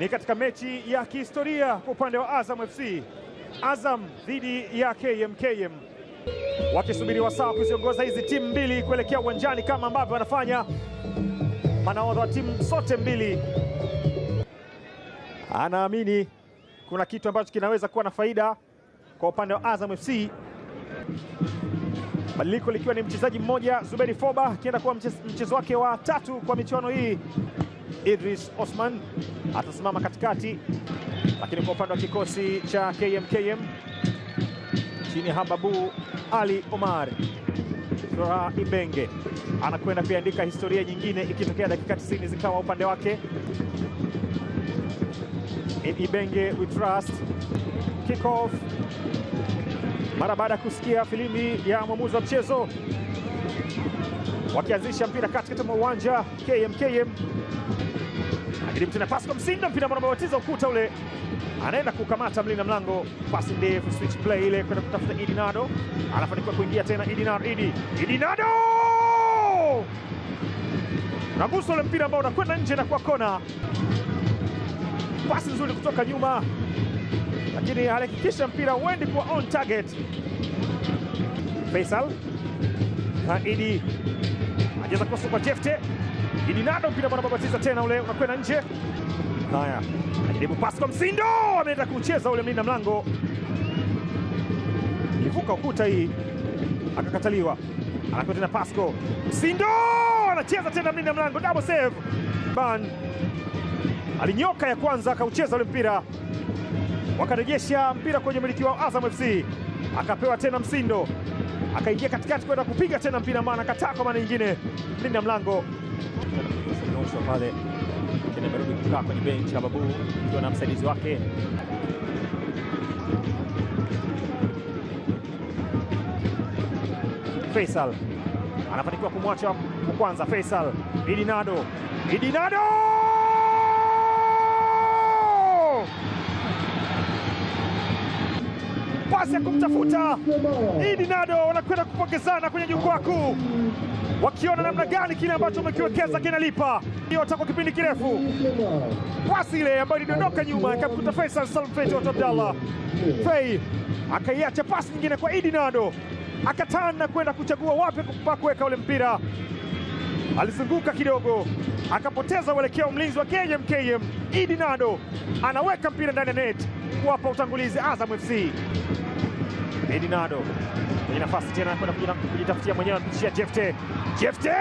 ni katika mechi ya kihistoria kwa upande wa Azam FC, Azam dhidi ya KMKM, wakisubiri wasaa kuziongoza hizi timu mbili kuelekea uwanjani kama ambavyo wanafanya manaodha wa timu zote mbili. Anaamini kuna kitu ambacho kinaweza kuwa na faida kwa upande wa Azam FC, badiliko likiwa ni mchezaji mmoja Zuberi Foba akienda kuwa mchezo wake wa tatu kwa michuano hii. Idris Osman atasimama katikati, lakini kwa upande wa kikosi cha KMKM chini ya Hababu Ali Omar, Zoraa Ibenge anakwenda kuiandika historia nyingine ikitokea dakika 90 zikawa upande wake. Ibenge we trust kick off mara baada ya kusikia filimbi ya mwamuzi wa mchezo wakianzisha mpira katikati mwa uwanja KMKM lakini tena pasi kwa Msinda, mpira ambao unabatiza ukuta ule, anaenda kukamata mlinda mlango, pasi ndefu, switch play ile kwenda kutafuta Idi Nado, anafanikiwa kuingia tena Idi Nado, Idi Idi Nado nagusa ule mpira ambao unakwenda nje na kwa kona, pasi nzuri kutoka nyuma, lakini alihakikisha mpira uendi kwa on target. Faisal Idi anacheza krosi kwa Jefte. Idi Nado mpira bwana babatiza tena ule unakwenda nje. Haya, anajaribu pasi kwa Msindo, ameenda kucheza ule mlinda mlango, ilivuka ukuta hii akakataliwa. Anapewa tena Pasco Msindo, anacheza tena mlinda mlango, double save ban alinyoka ya kwanza akaucheza ule mpira, wakarejesha mpira kwenye miliki wao Azam FC, akapewa tena Msindo akaingia katikati kwenda kupiga tena mpira ambao anakataa kwa mara nyingine, linda mlango pale, lakini kukaa kwenye benchi la Babu akiwa na msaidizi wake Faisal anafanikiwa kumwacha kwanza. Faisal Idinado, Idinado nafasi ya kumtafuta Idi Nado, wanakwenda kupongezana kwenye jukwaa kuu, wakiona namna gani kile ambacho umekiwekeza kinalipa. Hiyo atakuwa kipindi kirefu, pasi ile ambayo ilidondoka nyuma ikamkuta Faisal Salum Fei Toto Abdallah. Fei akaiacha pasi nyingine kwa Idi Nado, akatana kwenda kuchagua wapi pa kuweka ule mpira alizunguka kidogo akapoteza uelekeo. Mlinzi wa KM KM Idi Nado anaweka mpira ndani ya net kuwapa utangulizi Azam FC. Idi Nado kwenye nafasi tena kwenda kujitafutia mwenyewe, anampitishia Jefte. Jefte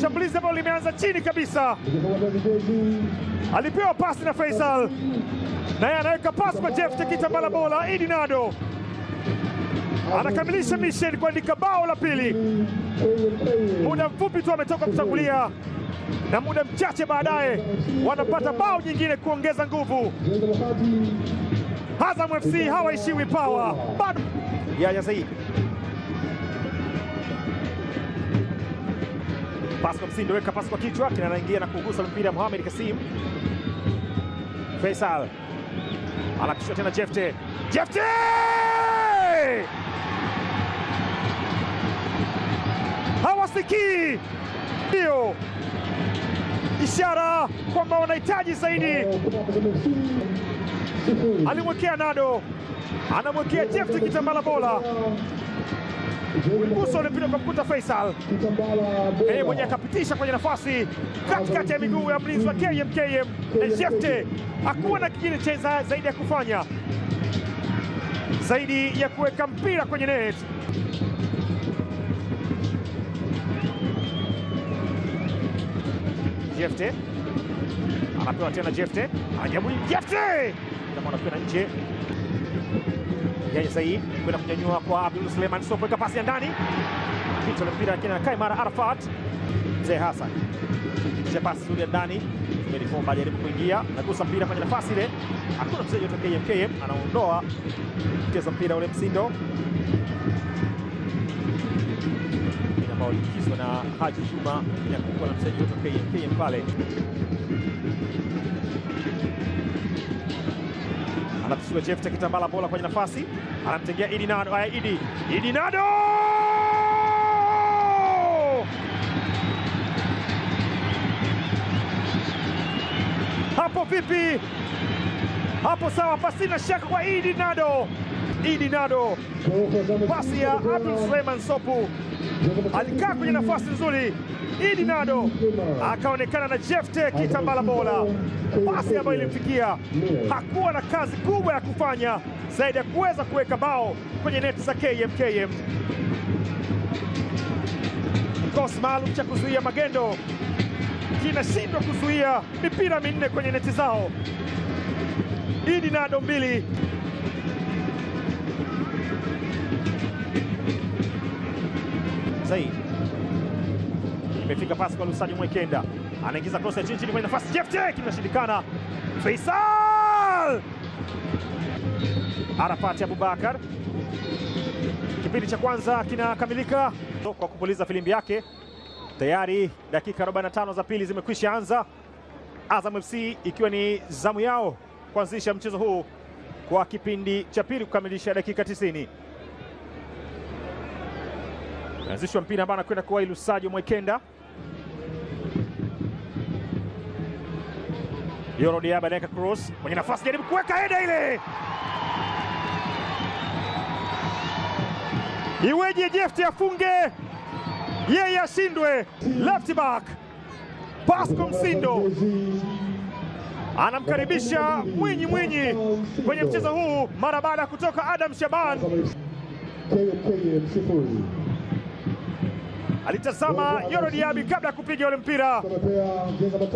shambulizi ambalo limeanza chini kabisa alipewa pasi na Faisal, naye anaweka pasi kwa Jefte Kitambala, bola Idi Nado anakamilisha misheni kuandika bao la pili. Muda mfupi tu ametoka kutangulia, na muda mchache baadaye wanapata bao nyingine kuongeza nguvu. Azam FC hawaishiwi pawa bado. Yahya Said pasi kwa Msindo, weka pasi kwa kichwa, kina na kugusa mpira Mohamed Kasim Faisal anapishwa tena, Jefte Jefte hawasikii, ndio ishara kwamba wanahitaji zaidi. Alimwekea Nado, anamwekea Jefte kitambala bola ni ulipita kwa mkuta Faisal, yeye mwenye akapitisha kwenye nafasi katikati ya miguu ya mlinzi wa KMKM na Jefte. akuwa na kingine cheza zaidi ya kufanya zaidi ya kuweka mpira kwenye net. Jefte anapewa tena, Jefte anajaribu, Jefte kama anakwenda nje Yahya Said kwenda kunyanyua kwa Abdul Suleiman Sopo, kwa pasi ya ndani, kichwa la mpira kina kaimara Arafat Mzee Hassan kisha pasi zuri ya ndani, Fomba ajaribu kuingia, nagusa mpira kwenye nafasi ile, hakuna mchezaji wa KMKM anaondoa mcheza mpira ule Msindo ambao ulikizwa na Haji Juma Nyakuku yaani na mchezaji wa KMKM pale. Rais Jeff Kitambala, bola kwenye nafasi, anamtegea Idi Nado. aya Idi Idi Nado hapo vipi? Hapo sawa, pasina shaka kwa Idi Nado. Idi Nado, pasi ya Abdul Suleiman Sopu, alikaa kwenye nafasi nzuri. Idi Nado akaonekana na Jefte Kitambala Bola, pasi ambayo ilimfikia. Hakuwa na kazi kubwa ya kufanya zaidi ya kuweza kuweka bao kwenye neti za KMKM. Kikosi maalum cha kuzuia magendo kinashindwa kuzuia mipira minne kwenye neti zao. Idi Nado mbili kwanza hii imefika pasi kwa Lusadi Mwekenda, anaingiza cross ya chini chini kwenye nafasi Jefte, kinashindikana. Faisal Arafati Abubakar, kipindi cha kwanza kinakamilika kwa kupuliza filimbi yake. Tayari dakika 45 za pili zimekwisha anza, Azam FC ikiwa ni zamu yao kuanzisha mchezo huu kwa kipindi cha pili kukamilisha dakika 90. Anzishwa mpira ambaye anakwenda kwa Lusajo Mwekenda. Yoro Diaba anaweka cross kwenye nafasi, jaribu kuweka heda ile, iweje? jefti afunge yeye ashindwe? Left back Pasco Msindo anamkaribisha Mwinyi Mwinyi kwenye mchezo huu mara baada ya kutoka Adam Shaban alitazama Yoro Diaby kabla ya kupiga ule mpira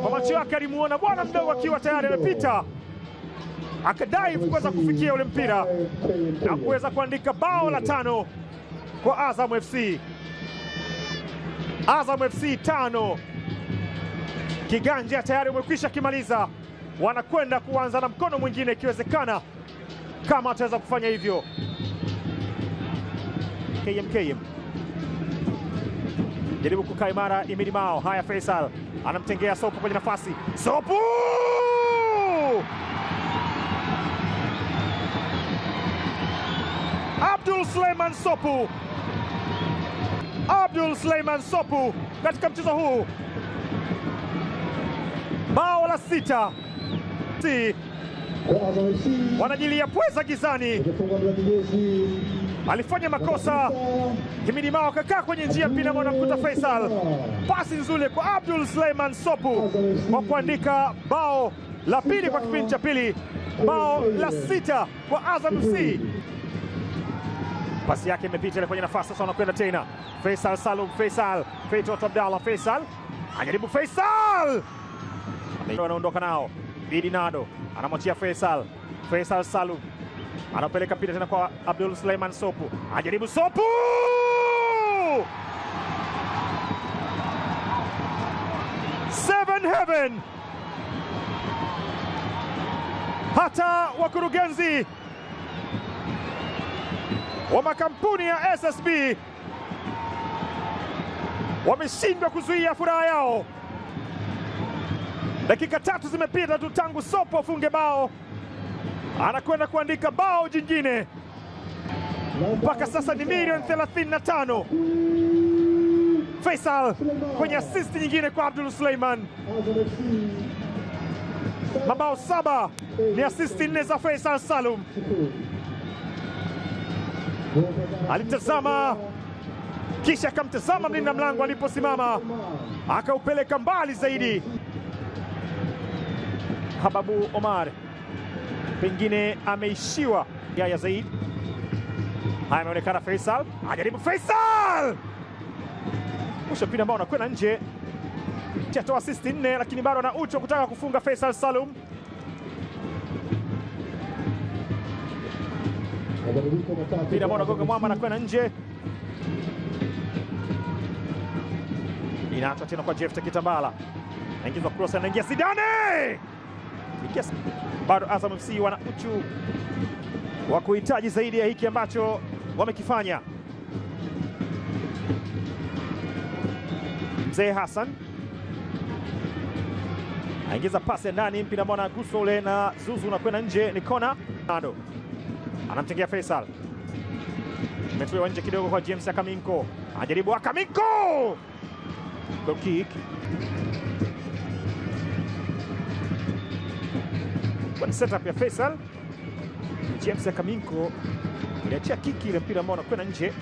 kwa macho yake, alimuona bwana mdogo akiwa tayari amepita, akadaive kuweza kufikia ule mpira na kuweza kuandika bao la tano kwa Azam FC. Azam FC tano, kiganja tayari umekwisha kimaliza, wanakwenda kuanza na mkono mwingine ikiwezekana, kama ataweza kufanya hivyo KMKM jaribu kukaa imara Imidi Mao. Haya, Faisal anamtengea Sopu kwenye nafasi, Sopu Abdul Suleiman Sopu, Abdul Suleiman Sopu katika mchezo huu, bao la sita wanajilia pweza gizani alifanya makosa. Himidi Mao akakaa kwenye njia mwana mkuta Faisal. Pasi nzuri kwa Abdul Suleiman Sopu kwa kuandika bao la pili kwa kipindi cha pili, bao la sita kwa Azam FC. Pasi yake imepita ile kwenye nafasi, sasa wanakwenda tena. Faisal Salum, Faisal Feitoto Abdalla, Faisal ajaribu, Faisal anaondoka nao. nado anamwachia Faisal, Faisal Salum anapeleka mpira tena kwa Abdul Suleiman Sopu, ajaribu Sopu Seven Heaven. Hata wakurugenzi wa makampuni ya SSB wameshindwa kuzuia furaha yao. Dakika tatu zimepita tu tangu Sopo afunge bao anakwenda kuandika bao jingine. Mpaka sasa ni milioni 35. Faisal kwenye asisti nyingine kwa Abdul Suleiman. Mabao saba ni asisti nne za Faisal Salum. Alitazama kisha akamtazama mlinda mlango aliposimama, akaupeleka mbali zaidi. Hababu Omar pengine ameishiwa Yahya Zaid. Haya, ameonekana Faisal, ajaribu Faisal, mwisho pina ambao anakwenda nje. Chatoa assist nne, lakini bado ana uchu kutaka kufunga. Faisal Salum mpira ambao unagonga mwamba, anakwenda nje, inaachwa tena kwa Jephte Kitambala, naingizwa cross, anaingia Sidane ni kiasi bado Azam FC wana uchu wa kuhitaji zaidi ya hiki ambacho wamekifanya. Mzee Hassan aingiza pasi ya ndani, mpira ambao anaguswa ule na Zuzu unakwenda nje, ni kona. Ronaldo anamtengea Faisal, imetolewa nje kidogo kwa James Akaminko, ajaribu Akaminko, goal kick ni setup ya Faisal James ya Kaminko aliachia kiki ile mpira ambao unakwenda nje.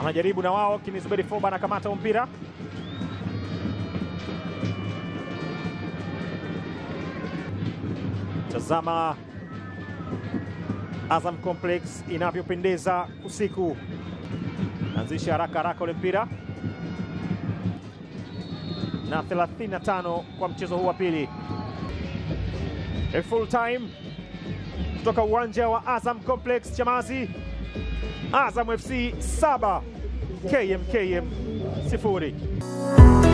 Anajaribu na wao Kini Zuberi Foba anakamata mpira. Tazama Azam Complex inavyopendeza usiku anzisha haraka haraka ule mpira na 35 kwa mchezo huu wa pili. A full time kutoka uwanja wa Azam Complex Chamazi, Azam FC 7 KMKM 0.